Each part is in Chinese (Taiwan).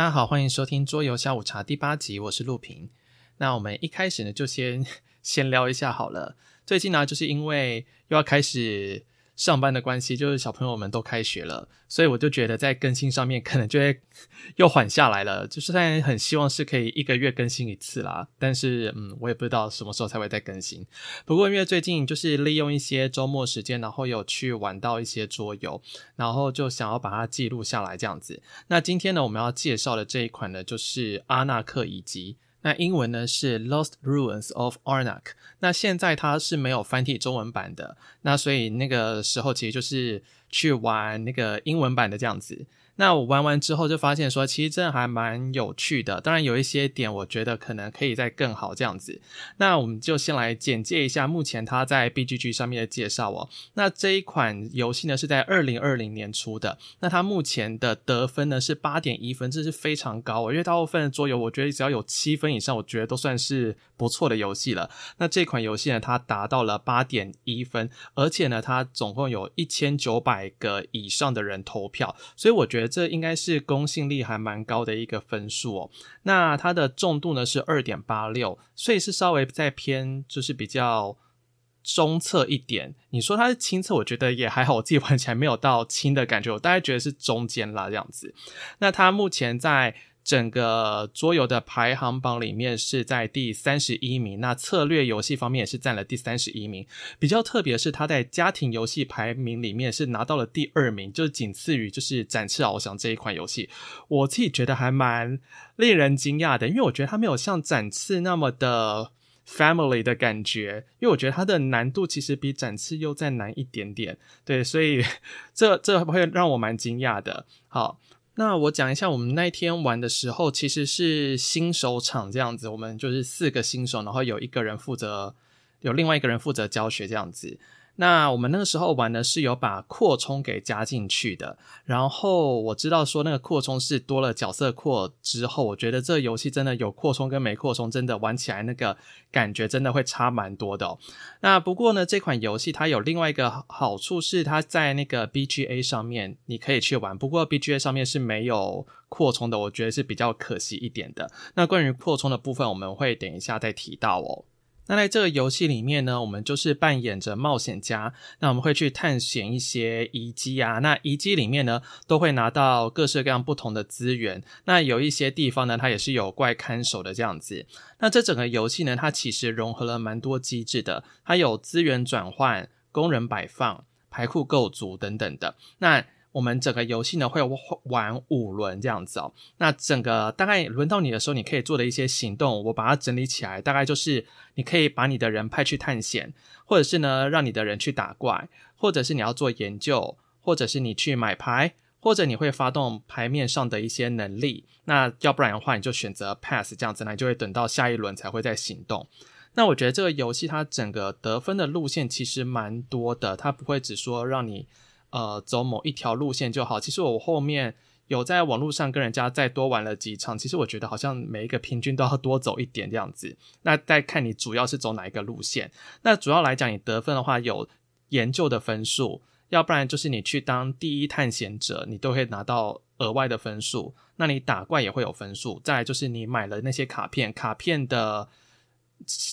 大家好，歡迎收聽桌遊下午茶第八集，我是陸平。那我們一開始呢，就先，先聊一下好了。最近呢，就是因為又要開始。上班的關係，就是小朋友們都開學了，所以我就覺得在更新上面可能就會又緩下來了。就是雖然很希望是可以一個月更新一次啦，但是嗯，我也不知道什麼時候才會再更新。不過因為最近就是利用一些週末時間，然後有去玩到一些桌遊，然後就想要把它記錄下來這樣子。那今天呢，我們要介紹的這一款呢，就是阿納克遺跡。那英文呢是 Lost Ruins of Arnak 那現在它是沒有翻譯中文版的，那所以那個時候其實就是去玩那個英文版的這樣子。那我玩完之後就發現說，其實真的還蠻有趣的。當然有一些點，我覺得可能可以再更好這樣子。那我們就先來簡介一下目前它在 BGG 上面的介紹哦。那這一款遊戲呢是在二零二零年出的。那它目前的得分呢是八點一分，這是非常高哦。因為大部分的桌遊，我覺得只要有七分以上，我覺得都算是不錯的遊戲了。那這款遊戲呢，它達到了八點一分，而且呢，它總共有一千九百個以上的人投票，所以我覺得。這應該是公信力還蠻高的一個分數哦。那它的重度呢是二點八六，所以是稍微再偏就是比較中側一點。你說它是輕側，我覺得也還好，我自己玩起來沒有到輕的感覺，我大概覺得是中間啦這樣子。那它目前在。整個桌遊的排行榜裡面是在第三十一名，那策略遊戲方面也是佔了第三十一名。比較特別的是它在家庭遊戲排名裡面是拿到了第二名，就僅次於就是展翅翱翔這一款遊戲。我自己覺得還蠻令人驚訝的，因為我覺得它沒有像展翅那麼的 family 的感覺，因為我覺得它的難度其實比展翅又再難一點點。對，所以這這會讓我蠻驚訝的。好。那我講一下，我們那天玩的時候，其實是新手場這樣子。我們就是四個新手，然後有一個人負責，有另外一個人負責教學這樣子。那我們那個時候玩的是有把擴充給加進去的，然後我知道說那個擴充是多了角色擴之後，我覺得這遊戲真的有擴充跟沒擴充，真的玩起來那個感覺真的會差蠻多的哦。那不過呢，這款遊戲它有另外一個好處是它在那個 BGA 上面你可以去玩，不過 BGA 上面是沒有擴充的，我覺得是比較可惜一點的。那關於擴充的部分，我們會等一下再提到哦。那在這個遊戲裡面呢，我們就是扮演着冒險家，那我們會去探險一些遺跡啊。那遺跡裡面呢，都會拿到各式各樣不同的資源。那有一些地方呢，它也是有怪看守的這樣子。那這整個遊戲呢，它其實融合了蠻多機制的，它有資源轉換、工人擺放、牌庫構築等等的。那我們整個遊戲呢，會玩五輪這樣子哦，那整個大概輪到你的時候，你可以做的一些行動，我把它整理起來，大概就是你可以把你的人派去探險，或者是呢，讓你的人去打怪，或者是你要做研究，或者是你去買牌，或者你會發動牌面上的一些能力。那要不然的話，你就選擇 pass 這樣子呢，你就會等到下一輪才會再行動。那我覺得這個遊戲它整個得分的路線其實蠻多的，它不會只說讓你。呃，走某一條路線就好。其實我後面有在網絡上跟人家再多玩了幾場，其實我覺得好像每一個平均都要多走一點這樣子。那再看你主要是走哪一個路線。那主要來講，你得分的話有研究的分數，要不然就是你去當第一探險者，你都會拿到額外的分數。那你打怪也會有分數。再來就是你買了那些卡片，卡片的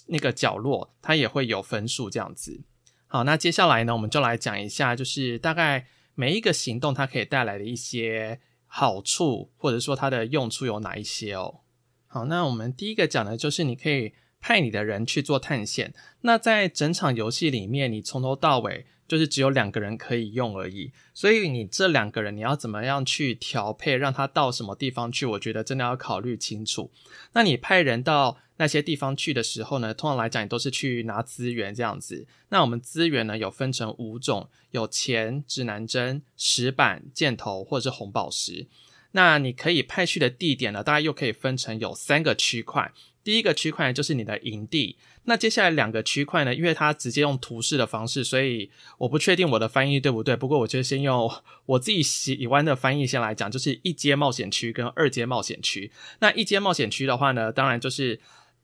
那個角落它也會有分數這樣子。好，那接下來呢，我們就來講一下，就是大概每一個行動它可以帶來的一些好處，或者說它的用處有哪一些哦。好，那我們第一個講的，就是你可以派你的人去做探險。那在整場遊戲裡面，你從頭到尾。就是只有兩個人可以用而已，所以你這兩個人你要怎麼樣去調配，讓他到什麼地方去？我覺得真的要考慮清楚。那你派人到那些地方去的時候呢，通常來講，你都是去拿資源這樣子。那我們資源呢，有分成五種：有錢、指南針、石板、箭頭或者是紅寶石。那你可以派去的地點呢，大概又可以分成有三個區塊。第一個區塊就是你的營地，那接下來兩個區塊呢，因為它直接用圖示的方式，所以我不確定我的翻譯對不對。不過，我就先用我自己喜歡的翻譯先來講，就是一階冒險區跟二階冒險區。那一階冒險區的話呢，當然就是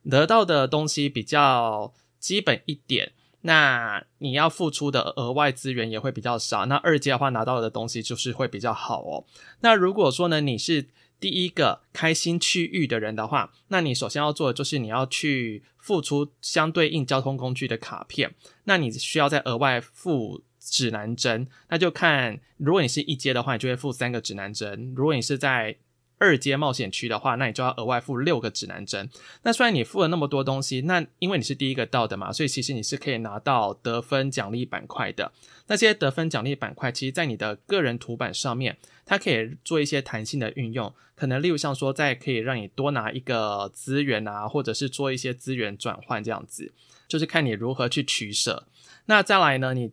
得到的東西比較基本一點，那你要付出的額外資源也會比較少。那二階的話，拿到的東西就是會比較好哦。那如果說呢，你是第一個開心區域的人的話，那你首先要做的就是你要去付出相對應交通工具的卡片，那你需要再額外付指南針。那就看，如果你是一階的話，你就會付三個指南針；如果你是在二階冒險區的話，那你就要額外付六個指南針。那雖然你付了那麼多東西，那因為你是第一個到的嘛，所以其實你是可以拿到得分獎勵板塊的。那些得分獎勵板塊，其實，在你的個人圖板上面。它可以做一些彈性的運用，可能例如像說，在可以讓你多拿一個資源啊，或者是做一些資源轉換這樣子，就是看你如何去取捨。那再來呢，你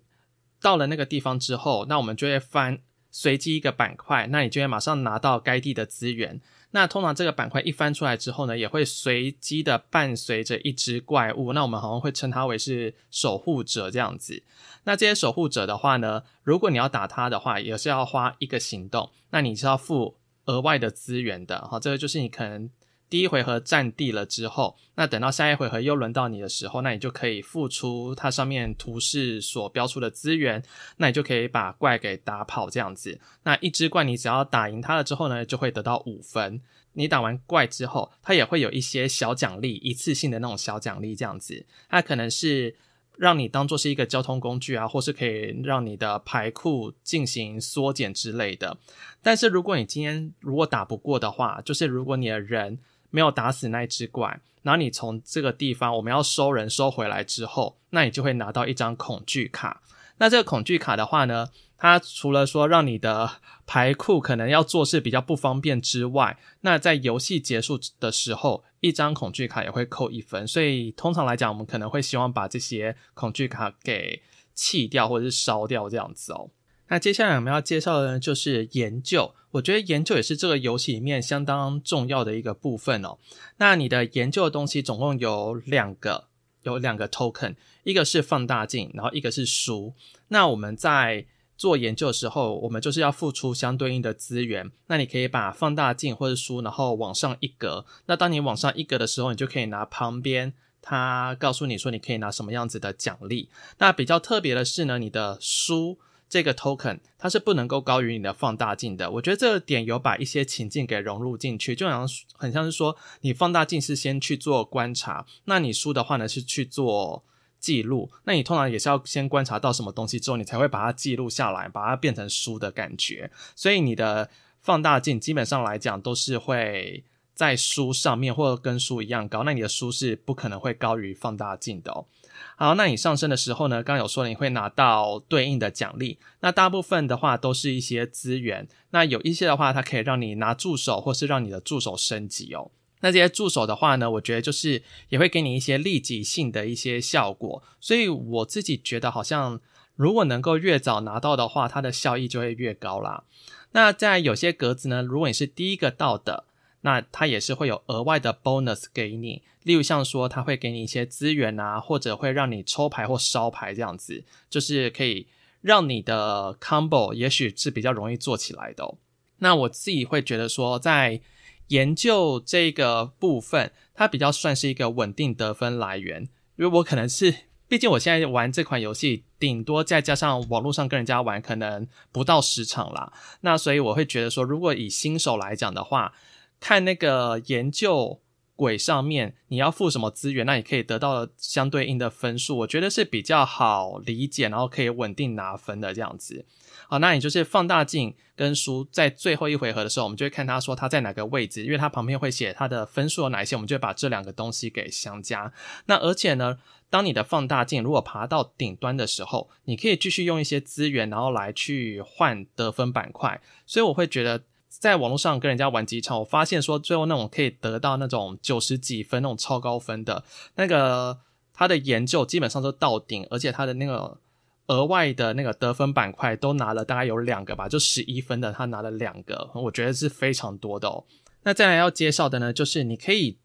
到了那個地方之後，那我們就會翻隨機一個板塊，那你就會馬上拿到該地的資源。那通常這個板塊一翻出來之後呢，也會隨機的伴隨着一隻怪物，那我們好像會稱它為是守護者這樣子。那這些守護者的話呢，如果你要打它的話，也是要花一個行動，那你是要付額外的資源的，好，這個就是你可能。第一回合佔地了之後，那等到下一回合又輪到你的時候，那你就可以付出它上面圖示所標出的資源，那你就可以把怪給打跑這樣子。那一隻怪你只要打贏它了之後呢，就會得到五分。你打完怪之後，它也會有一些小獎勵，一次性的那種小獎勵這樣子。它可能是讓你當做是一個交通工具啊，或是可以讓你的牌庫進行縮減之類的。但是如果你今天如果打不過的話，就是如果你的人沒有打死那隻怪，然後你從這個地方我們要收人收回來之後，那你就會拿到一張恐懼卡。那這個恐懼卡的話呢，它除了說讓你的牌庫可能要做事比較不方便之外，那在遊戲結束的時候，一張恐懼卡也會扣一分。所以通常來講，我們可能會希望把這些恐懼卡給棄掉或者是燒掉這樣子哦。那接下來我們要介紹的呢，就是研究。我覺得研究也是這個遊戲裡面相當重要的一個部分哦、喔。那你的研究的東西總共有兩個，有兩個 token，一個是放大鏡，然後一個是書。那我們在做研究的時候，我們就是要付出相對應的資源。那你可以把放大鏡或者書，然後往上一格。那當你往上一格的時候，你就可以拿旁邊他告訴你說，你可以拿什麼樣子的獎勵。那比較特別的是呢，你的書。這個 token 它是不能夠高於你的放大鏡的。我覺得這個點有把一些情境給融入進去，就好像很像是說，你放大鏡是先去做觀察，那你書的話呢是去做記錄，那你通常也是要先觀察到什麼東西之後，你才會把它記錄下來，把它變成書的感覺。所以你的放大鏡基本上來講都是會在書上面，或者跟書一樣高。那你的書是不可能會高於放大鏡的哦。好，那你上升的時候呢，剛剛有說你會拿到對應的獎勵。那大部分的話都是一些資源。那有一些的話，它可以讓你拿助手，或是讓你的助手升級哦。那這些助手的話呢，我覺得就是也會給你一些立即性的一些效果。所以我自己覺得，好像如果能夠越早拿到的話，它的效益就會越高啦。那在有些格子呢，如果你是第一個到的。那它也是會有額外的 bonus 給你，例如像說它會給你一些資源啊，或者會讓你抽牌或燒牌這樣子，就是可以讓你的 combo 也許是比較容易做起來的喔。那我自己會覺得說，在研究這個部分，它比較算是一個穩定得分來源，因為我可能是畢竟我現在玩這款遊戲，頂多再加上網絡上跟人家玩，可能不到十場啦。那所以我會覺得說，如果以新手來講的話，看那個研究軌上面，你要付什麼資源，那你可以得到相對應的分數。我覺得是比較好理解，然後可以穩定拿分的這樣子。好，那你就是放大鏡跟書在最後一回合的時候，我們就會看他說他在哪個位置，因為他旁邊會寫他的分數有哪一些，我們就會把這兩個東西給相加。那而且呢，當你的放大鏡如果爬到頂端的時候，你可以繼續用一些資源，然後來去換得分板塊。所以我會覺得。在網絡上跟人家玩幾場，我發現說，最後那種可以得到那種九十幾分那種超高分的那個，他的研究基本上都到頂，而且他的那個額外的那個得分板塊都拿了大概有兩個吧，就十一分的他拿了兩個，我覺得是非常多的哦。那再來要介紹的呢，就是你可以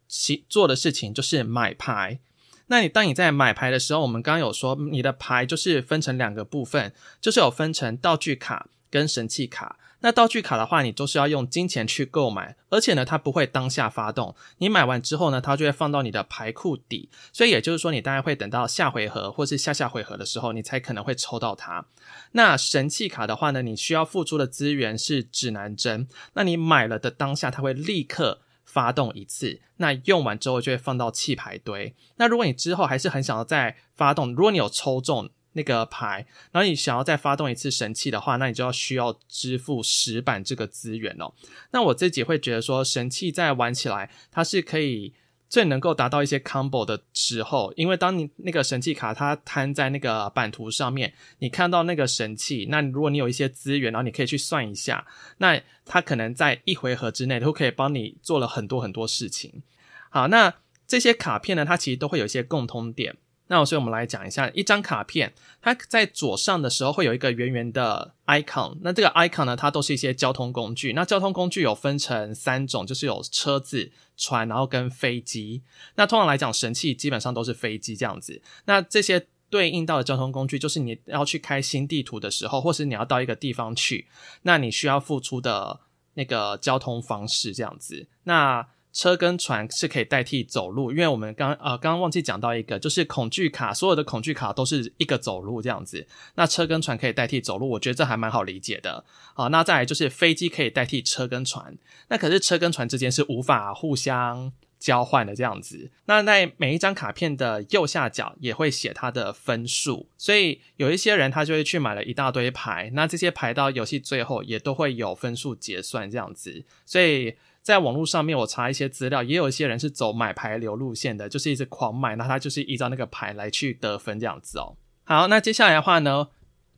做的事情就是買牌。那你當你在買牌的時候，我們剛剛有說你的牌就是分成兩個部分，就是有分成道具卡跟神器卡。那道具卡的話，你都是要用金錢去購買，而且呢，它不會當下發動。你買完之後呢，它就會放到你的牌庫底，所以也就是說，你大概會等到下回合或是下下回合的時候，你才可能會抽到它。那神器卡的話呢，你需要付出的資源是指南針。那你買了的當下，它會立刻發動一次。那用完之後就會放到棄牌堆。那如果你之後還是很想要再發動，如果你有抽中。那個牌，然後你想要再發動一次神器的話，那你就要需要支付石板這個資源喔，那我自己會覺得說，神器在玩起來，它是可以最能夠達到一些 combo 的時候，因為當你那個神器卡它攤在那個版圖上面，你看到那個神器，那如果你有一些資源，然後你可以去算一下，那它可能在一回合之內都可以幫你做了很多很多事情。好，那這些卡片呢，它其實都會有一些共通點。那我，所以我們來講一下，一張卡片，它在左上的時候會有一個圓圓的 icon。那這個 icon 呢，它都是一些交通工具。那交通工具有分成三種，就是有車子、船，然後跟飛機。那通常來講，神器基本上都是飛機這樣子。那這些對應到的交通工具，就是你要去開新地圖的時候，或是你要到一個地方去，那你需要付出的那個交通方式這樣子。那車跟船是可以代替走路，因為我們剛呃剛剛忘記講到一個，就是恐懼卡，所有的恐懼卡都是一個走路這樣子。那車跟船可以代替走路，我覺得這還蠻好理解的。好，呃，那再來就是飛機可以代替車跟船，那可是車跟船之間是無法互相交換的這樣子。那在每一張卡片的右下角也會寫它的分數，所以有一些人他就會去買了一大堆牌，那這些牌到遊戲最後也都會有分數結算這樣子，所以。在網絡上面，我查一些資料，也有一些人是走買牌流路線的，就是一直狂買，那他就是依照那個牌來去得分這樣子哦、喔。好，那接下來的話呢，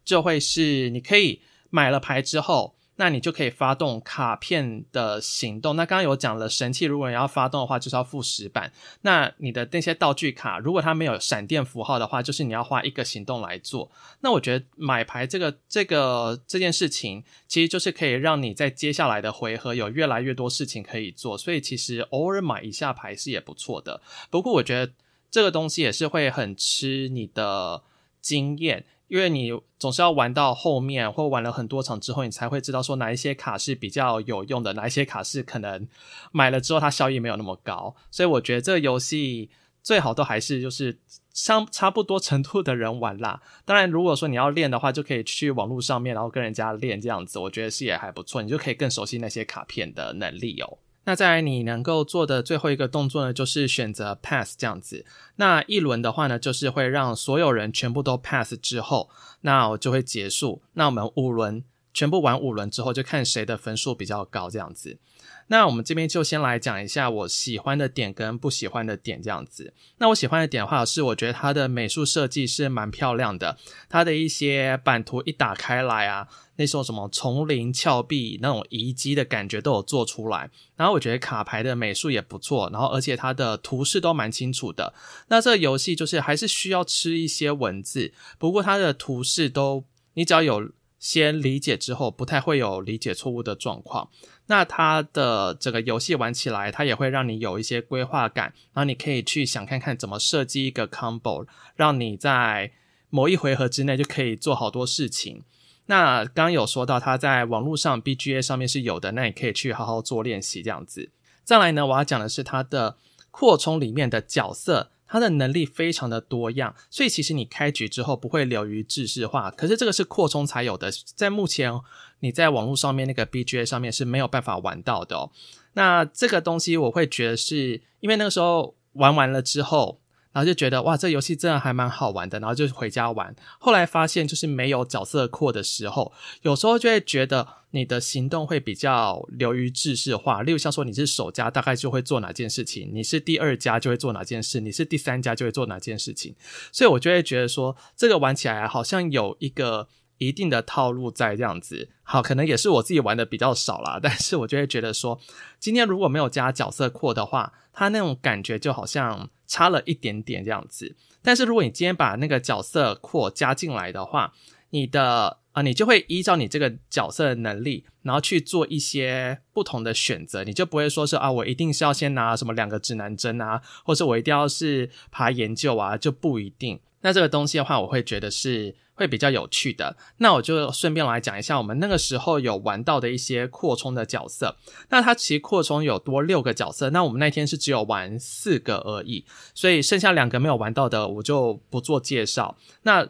就會是你可以買了牌之後。那你就可以發動卡片的行動。那剛剛有講了，神器如果你要發動的話，就是要付石板。那你的那些道具卡，如果它沒有閃電符號的話，就是你要花一個行動來做。那我覺得買牌這個這個這件事情，其實就是可以讓你在接下來的回合有越來越多事情可以做。所以其實偶爾買一下牌是也不錯的。不過我覺得這個東西也是會很吃你的經驗。因為你總是要玩到後面，或玩了很多場之後，你才會知道說哪一些卡是比較有用的，哪一些卡是可能買了之後它效益沒有那麼高。所以我覺得這個遊戲最好都還是就是相差不多程度的人玩啦。當然，如果說你要練的話，就可以去網絡上面，然後跟人家練這樣子，我覺得是也還不錯，你就可以更熟悉那些卡片的能力哦、喔。那再來你能夠做的最後一個動作呢，就是選擇 pass 這樣子。那一輪的話呢，就是會讓所有人全部都 pass 之後，那我就會結束。那我們五輪。全部玩五輪之後，就看誰的分數比較高這樣子。那我們這邊就先來講一下我喜歡的點跟不喜歡的點這樣子。那我喜歡的點的話是，我覺得它的美術設計是蠻漂亮的，它的一些版圖一打開來啊，那時候什麼叢林峭壁那種遺跡的感覺都有做出來。然後我覺得卡牌的美術也不錯，然後而且它的圖示都蠻清楚的。那這遊戲就是還是需要吃一些文字，不過它的圖示都你只要有。先理解之後，不太會有理解錯誤的狀況。那它的這個遊戲玩起來，它也會讓你有一些規劃感。然後你可以去想看看怎麼設計一個 combo，讓你在某一回合之內就可以做好多事情。那剛剛有說到它在網絡上 BGA 上面是有的，那你可以去好好做練習這樣子。再來呢，我要講的是它的擴充裡面的角色。它的能力非常的多樣，所以其實你開局之後不會流於制式化，可是這個是擴充才有的，在目前你在網絡上面那個 BGA 上面是沒有辦法玩到的喔。那這個東西我會覺得是因為那個時候玩完了之後。然後就覺得哇，這遊戲真的還蠻好玩的，然後就回家玩。後來發現就是沒有角色擴的時候，有時候就會覺得你的行動會比較流於制式化，例如像說你是首家大概就會做哪件事情，你是第二家就會做哪件事，你是第三家就會做哪件事情，所以我就會覺得說這個玩起來好像有一個。一定的套路在這樣子，好，可能也是我自己玩的比較少啦，但是我就會覺得說，今天如果沒有加角色擴的話，他那種感覺就好像差了一點點這樣子。但是如果你今天把那個角色擴加進來的話，你的啊、呃，你就會依照你這個角色的能力，然後去做一些不同的選擇，你就不會說是啊，我一定是要先拿什麼兩個指南針啊，或者我一定要是爬研究啊，就不一定。那這個東西的話，我會覺得是會比較有趣的。那我就順便來講一下，我們那個時候有玩到的一些擴充的角色。那它其實擴充有多六個角色，那我們那天是只有玩四個而已，所以剩下兩個沒有玩到的，我就不做介紹。那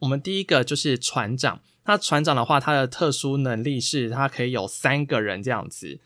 我們第一個就是船長，那船長的話，它的特殊能力是它可以有三個人這樣子。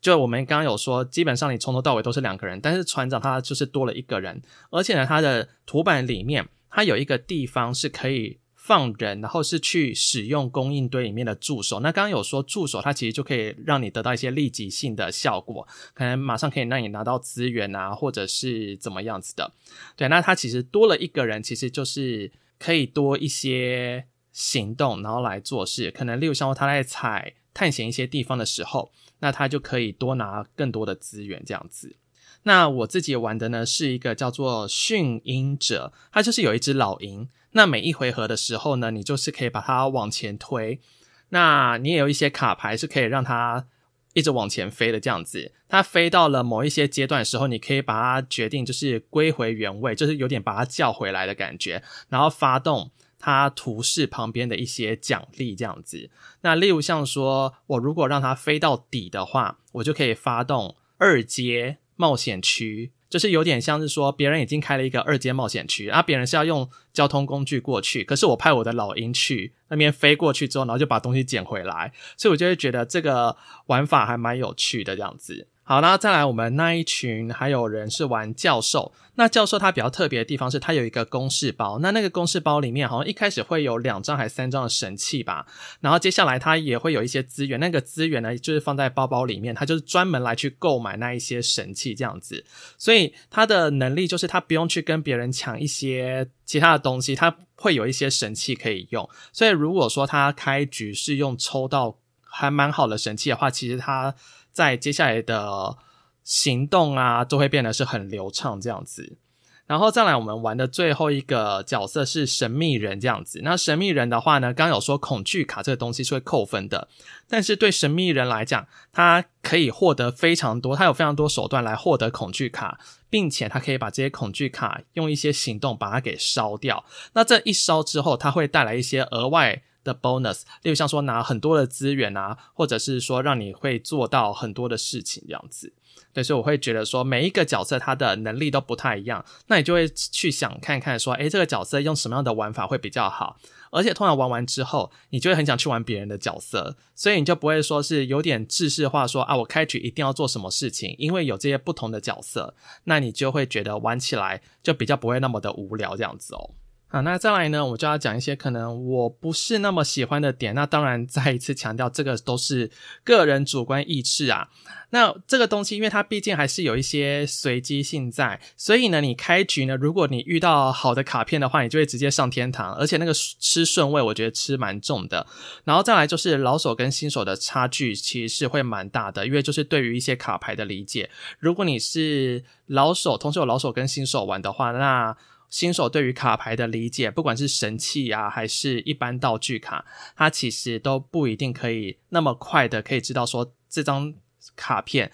就我們剛剛有說，基本上你從頭到尾都是兩個人，但是船長他就是多了一個人，而且呢，它的圖板裡面。它有一個地方是可以放人，然後是去使用供應堆裡面的助手。那剛剛有說助手，它其實就可以讓你得到一些立即性的效果，可能馬上可以讓你拿到資源啊，或者是怎麼樣子的。對，那它其實多了一個人，其實就是可以多一些行動，然後來做事。可能例如像他在採探，探險一些地方的時候，那他就可以多拿更多的資源這樣子。那我自己玩的呢是一個叫做馴鷹者，它就是有一隻老鷹。那每一回合的時候呢，你就是可以把它往前推。那你也有一些卡牌是可以讓它一直往前飛的這樣子。它飛到了某一些階段的時候，你可以把它決定就是歸回原位，就是有點把它叫回來的感覺，然後發動它圖示旁邊的一些獎勵這樣子。那例如像說我如果讓它飛到底的話，我就可以發動二階。冒險區就是有點像是說，別人已經開了一個二階冒險區，啊，別人是要用交通工具過去，可是我派我的老鷹去那邊飛過去之後，然後就把東西撿回來，所以我就會覺得這個玩法還蠻有趣的這樣子。好啦，再來我們那一群還有人是玩教授。那教授他比較特別的地方是，他有一個公事包。那那個公事包裡面好像一開始會有兩張還是三張的神器吧。然後接下來他也會有一些資源，那個資源呢就是放在包包裡面，他就是專門來去購買那一些神器這樣子。所以他的能力就是他不用去跟別人搶一些其他的東西，他會有一些神器可以用。所以如果說他開局是用抽到還蠻好的神器的話，其實他。在接下來的行動啊，都會變得是很流暢這樣子。然後再來，我們玩的最後一個角色是神秘人這樣子。那神秘人的話呢，剛剛有說恐懼卡這個東西是會扣分的，但是對神秘人來講，他可以獲得非常多，他有非常多手段來獲得恐懼卡，並且他可以把這些恐懼卡用一些行動把它給燒掉。那這一燒之後，他會帶來一些額外。的 bonus，例如像說拿很多的資源啊，或者是說讓你會做到很多的事情這樣子，對，所以我會覺得說每一個角色他的能力都不太一樣，那你就會去想看看說，誒，這個角色用什麼樣的玩法會比較好，而且通常玩完之後，你就會很想去玩別人的角色，所以你就不會說是有點制式化說啊，我開局一定要做什麼事情，因為有這些不同的角色，那你就會覺得玩起來就比較不會那麼的無聊這樣子哦。啊，那再來呢，我就要講一些可能我不是那麼喜歡的點。那當然，再一次強調，這個都是個人主觀意志啊。那這個東西，因為它畢竟還是有一些隨機性在，所以呢，你開局呢，如果你遇到好的卡片的話，你就會直接上天堂。而且那個吃順位，我覺得吃蠻重的。然後再來就是老手跟新手的差距其實是會蠻大的，因為就是對於一些卡牌的理解。如果你是老手，同時有老手跟新手玩的話，那新手對於卡牌的理解，不管是神器啊，還是一般道具卡，它其實都不一定可以那麼快的可以知道說，這張卡片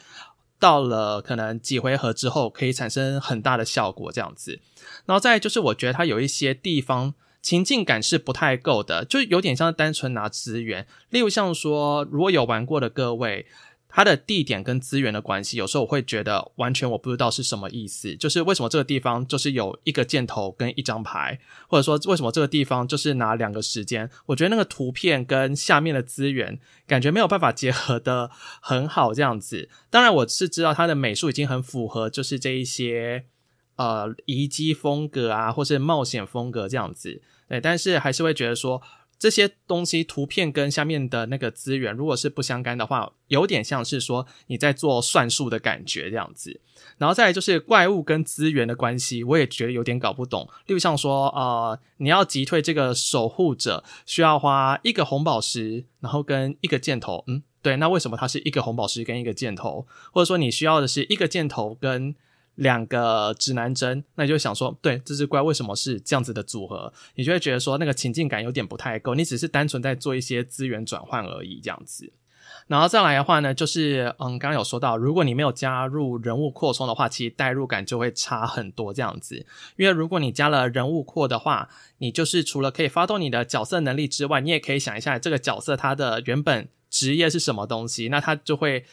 到了可能幾回合之後可以產生很大的效果這樣子。然後再來就是我覺得它有一些地方情境感是不太夠的，就有點像單純拿資源，例如像說如果有玩過的各位，它的地點跟資源的關係，有時候我會覺得完全我不知道是什麼意思。就是為什麼這個地方就是有一個箭頭跟一張牌，或者說為什麼這個地方就是拿兩個時間？我覺得那個圖片跟下面的資源感覺沒有辦法結合得很好，這樣子。當然我是知道它的美術已經很符合，就是這一些呃遺跡風格啊，或是冒險風格這樣子。對，但是還是會覺得說。這些東西圖片跟下面的那個資源，如果是不相干的話，有點像是說你在做算術的感覺這樣子。然後再來就是怪物跟資源的關係，我也覺得有點搞不懂。例如像說，呃，你要擊退這個守護者，需要花一個紅寶石，然後跟一個箭頭。嗯，對，那為什麼它是一個紅寶石跟一個箭頭？或者說你需要的是一個箭頭跟？兩個指南針，那你就想說，對這隻怪為什麼是這樣子的組合？你就會覺得說那個情境感有點不太夠，你只是單純在做一些資源轉換而已這樣子。然後再來的話呢，就是嗯，剛剛有說到，如果你沒有加入人物擴充的話，其實代入感就會差很多這樣子。因為如果你加了人物擴的話，你就是除了可以發動你的角色能力之外，你也可以想一下這個角色它的原本職業是什麼東西，那它就會。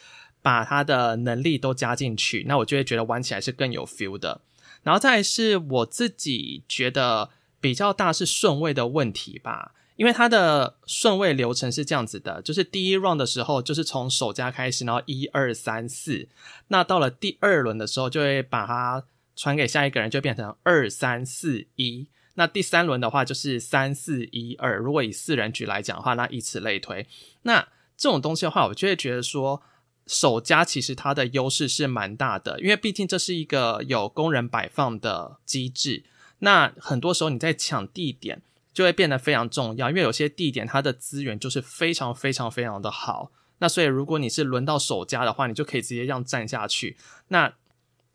把他的能力都加進去，那我就會覺得玩起來是更有 feel 的。然後再來是我自己覺得比較大是順位的問題吧，因為他的順位流程是這樣子的，就是第一 round 的時候就是從首家開始，然後一二三四，那到了第二輪的時候就會把它傳給下一個人，就變成二三四一。那第三輪的話就是三四一二。如果以四人局來講的話，那以此類推。那這種東西的話，我就會覺得說。首家其實它的優勢是蠻大的，因為畢竟這是一個有工人擺放的機制。那很多時候你在搶地點就會變得非常重要，因為有些地點它的資源就是非常非常非常的好。那所以如果你是輪到首家的話，你就可以直接這樣站下去。那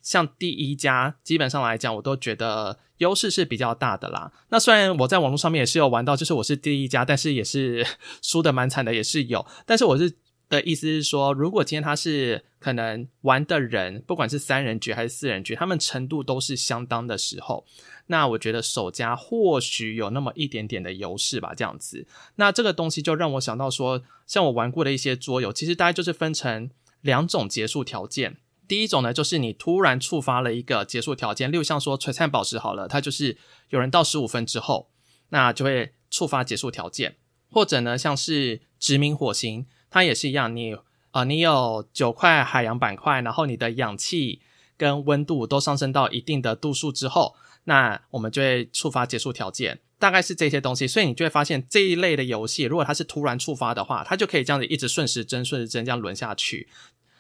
像第一家，基本上來講，我都覺得優勢是比較大的啦。那雖然我在網絡上面也是有玩到，就是我是第一家，但是也是輸得蠻慘的，也是有。但是我是。的意思是說，如果今天他是可能玩的人，不管是三人局還是四人局，他們程度都是相當的時候，那我覺得首家或許有那麼一點點的優勢吧，這樣子。那這個東西就讓我想到說，像我玩過的一些桌遊，其實大概就是分成兩種結束條件。第一種呢，就是你突然觸發了一個結束條件，例如像說璀璨寶石好了，它就是有人到十五分之後，那就會觸發結束條件，或者呢，像是殖民火星。它也是一樣，你啊、呃，你有九塊海洋板塊，然後你的氧氣跟溫度都上升到一定的度數之後，那我們就會觸發結束條件，大概是這些東西，所以你就會發現這一類的遊戲，如果它是突然觸發的話，它就可以這樣子一直順時針、順時針這樣輪下去。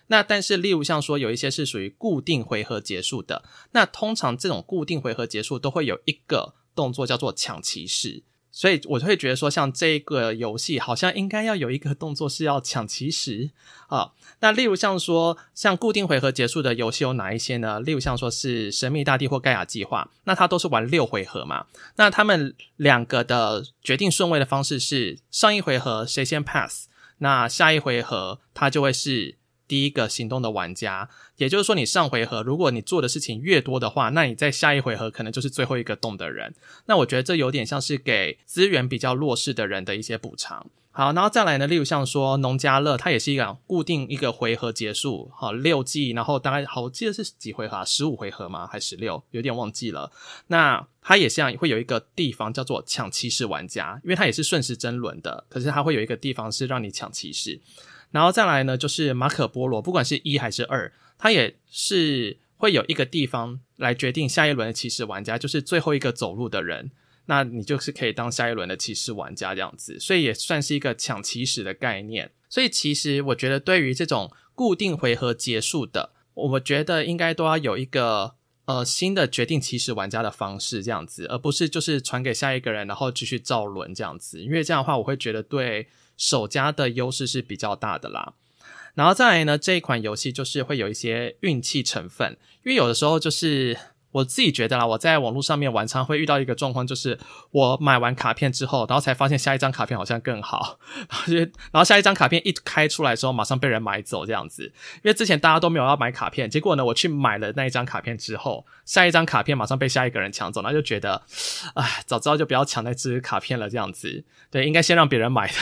那但是，例如像說有一些是屬於固定回合結束的，那通常這種固定回合結束都會有一個動作叫做搶騎士。所以我就會覺得說，像這個遊戲好像應該要有一個動作是要搶起始啊。那例如像說，像固定回合結束的遊戲有哪一些呢？例如像說是《神秘大地》或《蓋亞計劃》，那它都是玩六回合嘛。那他們兩個的決定順位的方式是上一回合誰先 pass，那下一回合它就會是。第一個行動的玩家，也就是說，你上回合如果你做的事情越多的話，那你在下一回合可能就是最後一個動的人。那我覺得這有點像是給資源比較弱勢的人的一些補償。好，然後再來呢，例如像說農家樂，它也是一個固定一個回合結束，好六季，然後大概好我記得是幾回合，啊，十五回合嗎？還十六？有點忘記了。那它也像會有一個地方叫做搶起始玩家，因為它也是順時針輪的，可是它會有一個地方是讓你搶起始。然後再來呢，就是馬可波羅，不管是一還是二，他也是會有一個地方來決定下一輪的起始玩家，就是最後一個走路的人，那你就是可以當下一輪的起始玩家這樣子，所以也算是一個搶起始的概念。所以其實我覺得，對於這種固定回合結束的，我覺得應該都要有一個呃新的決定起始玩家的方式這樣子，而不是就是傳給下一個人，然後繼續照輪這樣子，因為這樣的話，我會覺得對。首家的優勢是比較大的啦，然後再來呢，這一款遊戲就是會有一些運氣成分，因為有的時候就是。我自己覺得啦，我在網絡上面玩常會遇到一個狀況，就是我買完卡片之後，然後才發現下一張卡片好像更好，然後就然後下一張卡片一開出來之後，馬上被人買走這樣子。因為之前大家都沒有要買卡片，結果呢，我去買了那一張卡片之後，下一張卡片馬上被下一個人搶走，然後就覺得，哎，早知道就不要搶那支卡片了這樣子。對，應該先讓別人買的。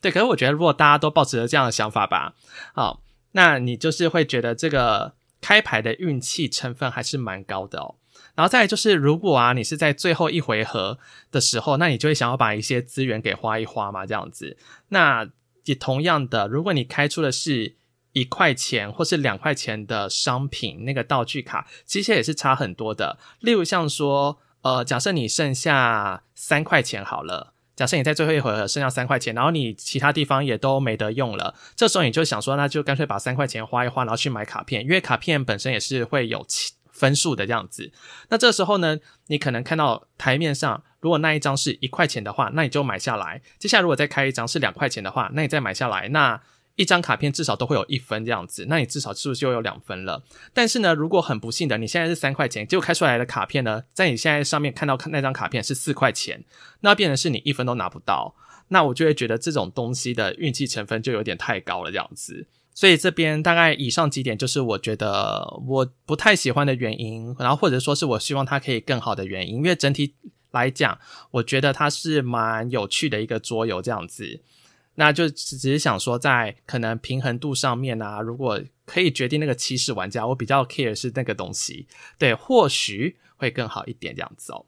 對，可是我覺得如果大家都抱持了這樣的想法吧，好，那你就是會覺得這個。開牌的運氣成分還是蠻高的哦，然後再來就是，如果啊，你是在最後一回合的時候，那你就會想要把一些資源給花一花嘛，這樣子。那也同樣的，如果你開出的是一塊錢或是兩塊錢的商品、那個道具卡，其實也是差很多的。例如像說，呃，假設你剩下三塊錢好了。假設你在最後一回合剩下三塊錢，然後你其他地方也都沒得用了，這時候你就想說，那就乾脆把三塊錢花一花，然後去買卡片，因為卡片本身也是會有分數的這樣子。那這時候呢，你可能看到台面上，如果那一張是一塊錢的話，那你就買下來，接下來如果再開一張是兩塊錢的話，那你再買下來。那一張卡片至少都會有一分這樣子，那你至少是不是就有兩分了？但是呢，如果很不幸的，你現在是三塊錢，結果開出來的卡片呢，在你現在上面看到那張卡片是四塊錢，那變成是你一分都拿不到。那我就會覺得這種東西的運氣成分就有點太高了這樣子。所以這邊大概以上幾點就是我覺得我不太喜歡的原因，然後或者說是我希望它可以更好的原因，因為整體來講，我覺得它是蠻有趣的一個桌遊這樣子。那就只是想說，在可能平衡度上面啊，如果可以決定那個起始玩家，我比較 care 是那個東西，對，或許會更好一點這樣子哦、喔。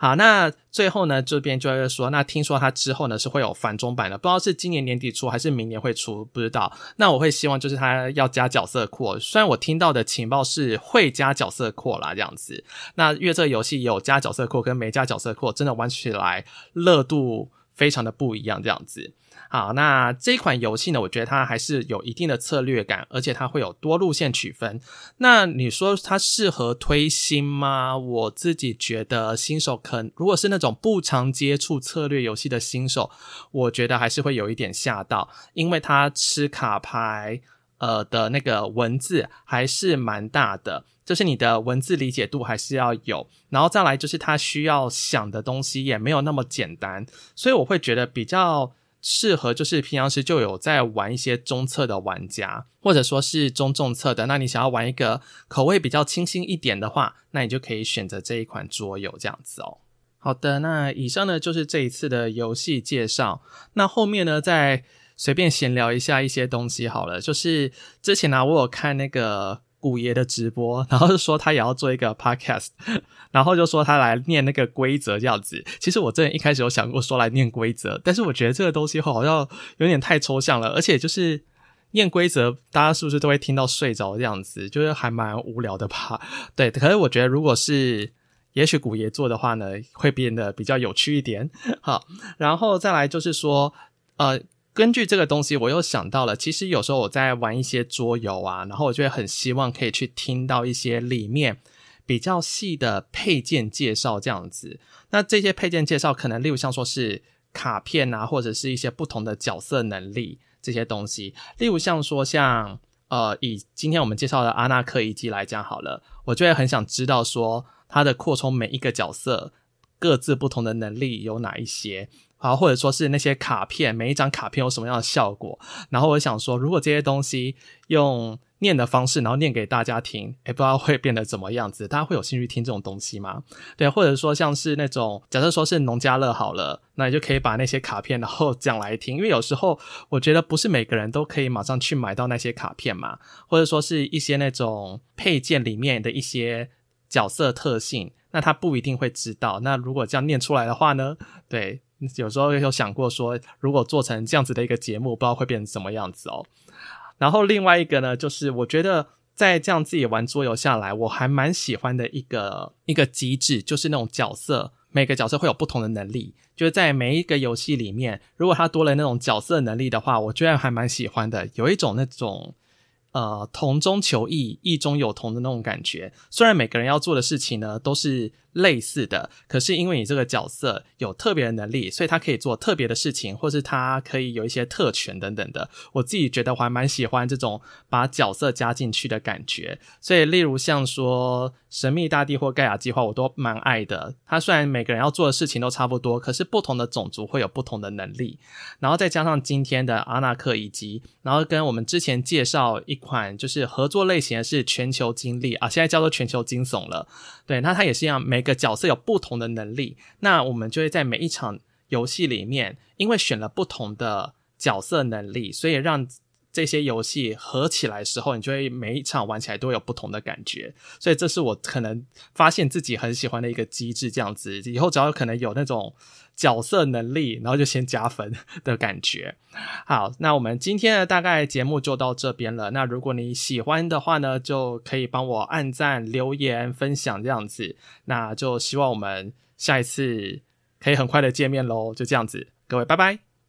好，那最後呢，這邊就是說，那聽說它之後呢是會有繁中版的，不知道是今年年底出還是明年會出，不知道。那我會希望就是它要加角色擴，雖然我聽到的情報是會加角色擴啦這樣子。那越這遊戲有加角色擴跟沒加角色擴，真的玩起來熱度非常的不一樣這樣子。好，那這一款遊戲呢，我覺得它還是有一定的策略感，而且它會有多路線取分。那你說它適合推新嗎？我自己覺得新手坑，如果是那種不常接觸策略遊戲的新手，我覺得還是會有一點嚇到，因為它吃卡牌呃的那個文字還是蠻大的，就是你的文字理解度還是要有，然後再來就是它需要想的東西也沒有那麼簡單，所以我會覺得比較。適合就是平常時就有在玩一些中策的玩家，或者說是中重策的。那你想要玩一個口味比較清新一點的話，那你就可以選擇這一款桌遊這樣子哦、喔。好的，那以上呢就是這一次的遊戲介紹。那後面呢再隨便閒聊一下一些東西好了。就是之前呢、啊、我有看那個。古爺的直播，然後就說他也要做一個 podcast，然後就說他來念那個規則這樣子。其實我之前一開始有想過說來念規則，但是我覺得這個東西好像有點太抽象了，而且就是念規則，大家是不是都會聽到睡着這樣子，就是還蠻無聊的吧？對，可是我覺得如果是，也許古爺做的話呢，會變得比較有趣一點。好，然後再來就是說，呃。根據這個東西，我又想到了。其實有時候我在玩一些桌遊啊，然後我就會很希望可以去聽到一些裡面比較細的配件介紹這樣子。那這些配件介紹，可能例如像說是卡片啊，或者是一些不同的角色能力這些東西。例如像說像，像呃，以今天我們介紹的阿納克遺跡來講好了，我就會很想知道說它的擴充每一個角色各自不同的能力有哪一些。啊，或者說是那些卡片，每一張卡片有什麼樣的效果？然後我想說，如果這些東西用念的方式，然後念給大家聽，也、欸、不知道會變得怎麼樣子。大家會有興趣聽這種東西嗎？對，或者說像是那種，假設說是農家樂好了，那你就可以把那些卡片然後講來聽。因為有時候我覺得不是每個人都可以馬上去買到那些卡片嘛，或者說是一些那種配件裡面的一些角色特性，那他不一定會知道。那如果這樣念出來的話呢？對。有時候有想過說，如果做成這樣子的一個節目，不知道會變成什麼樣子哦。然後另外一個呢，就是我覺得在這樣自己玩桌遊下來，我還蠻喜歡的一個一個機制，就是那種角色，每個角色會有不同的能力。就是在每一個遊戲裡面，如果他多了那種角色能力的話，我居然還蠻喜歡的，有一種那種呃同中求異、異中有同的那種感覺。雖然每個人要做的事情呢，都是。類似的，可是因為你這個角色有特別的能力，所以他可以做特別的事情，或是他可以有一些特權等等的。我自己覺得我還蠻喜歡這種把角色加進去的感覺。所以，例如像說《神秘大地》或《蓋亞計劃》，我都蠻愛的。他雖然每個人要做的事情都差不多，可是不同的種族會有不同的能力。然後再加上今天的阿納克，以及然後跟我們之前介紹一款就是合作類型的，是《全球經歷》啊，現在叫做《全球驚悚》了。對，那它也是一樣，每每個角色有不同的能力，那我們就會在每一場遊戲裡面，因為選了不同的角色能力，所以讓。這些遊戲合起來的時候，你就會每一場玩起來都有不同的感覺，所以這是我可能發現自己很喜歡的一個機制。這樣子，以後只要可能有那種角色能力，然後就先加分的感覺。好，那我們今天的大概節目就到這邊了。那如果你喜歡的話呢，就可以幫我按讚、留言、分享這樣子。那就希望我們下一次可以很快的見面嘍。就這樣子，各位，拜拜。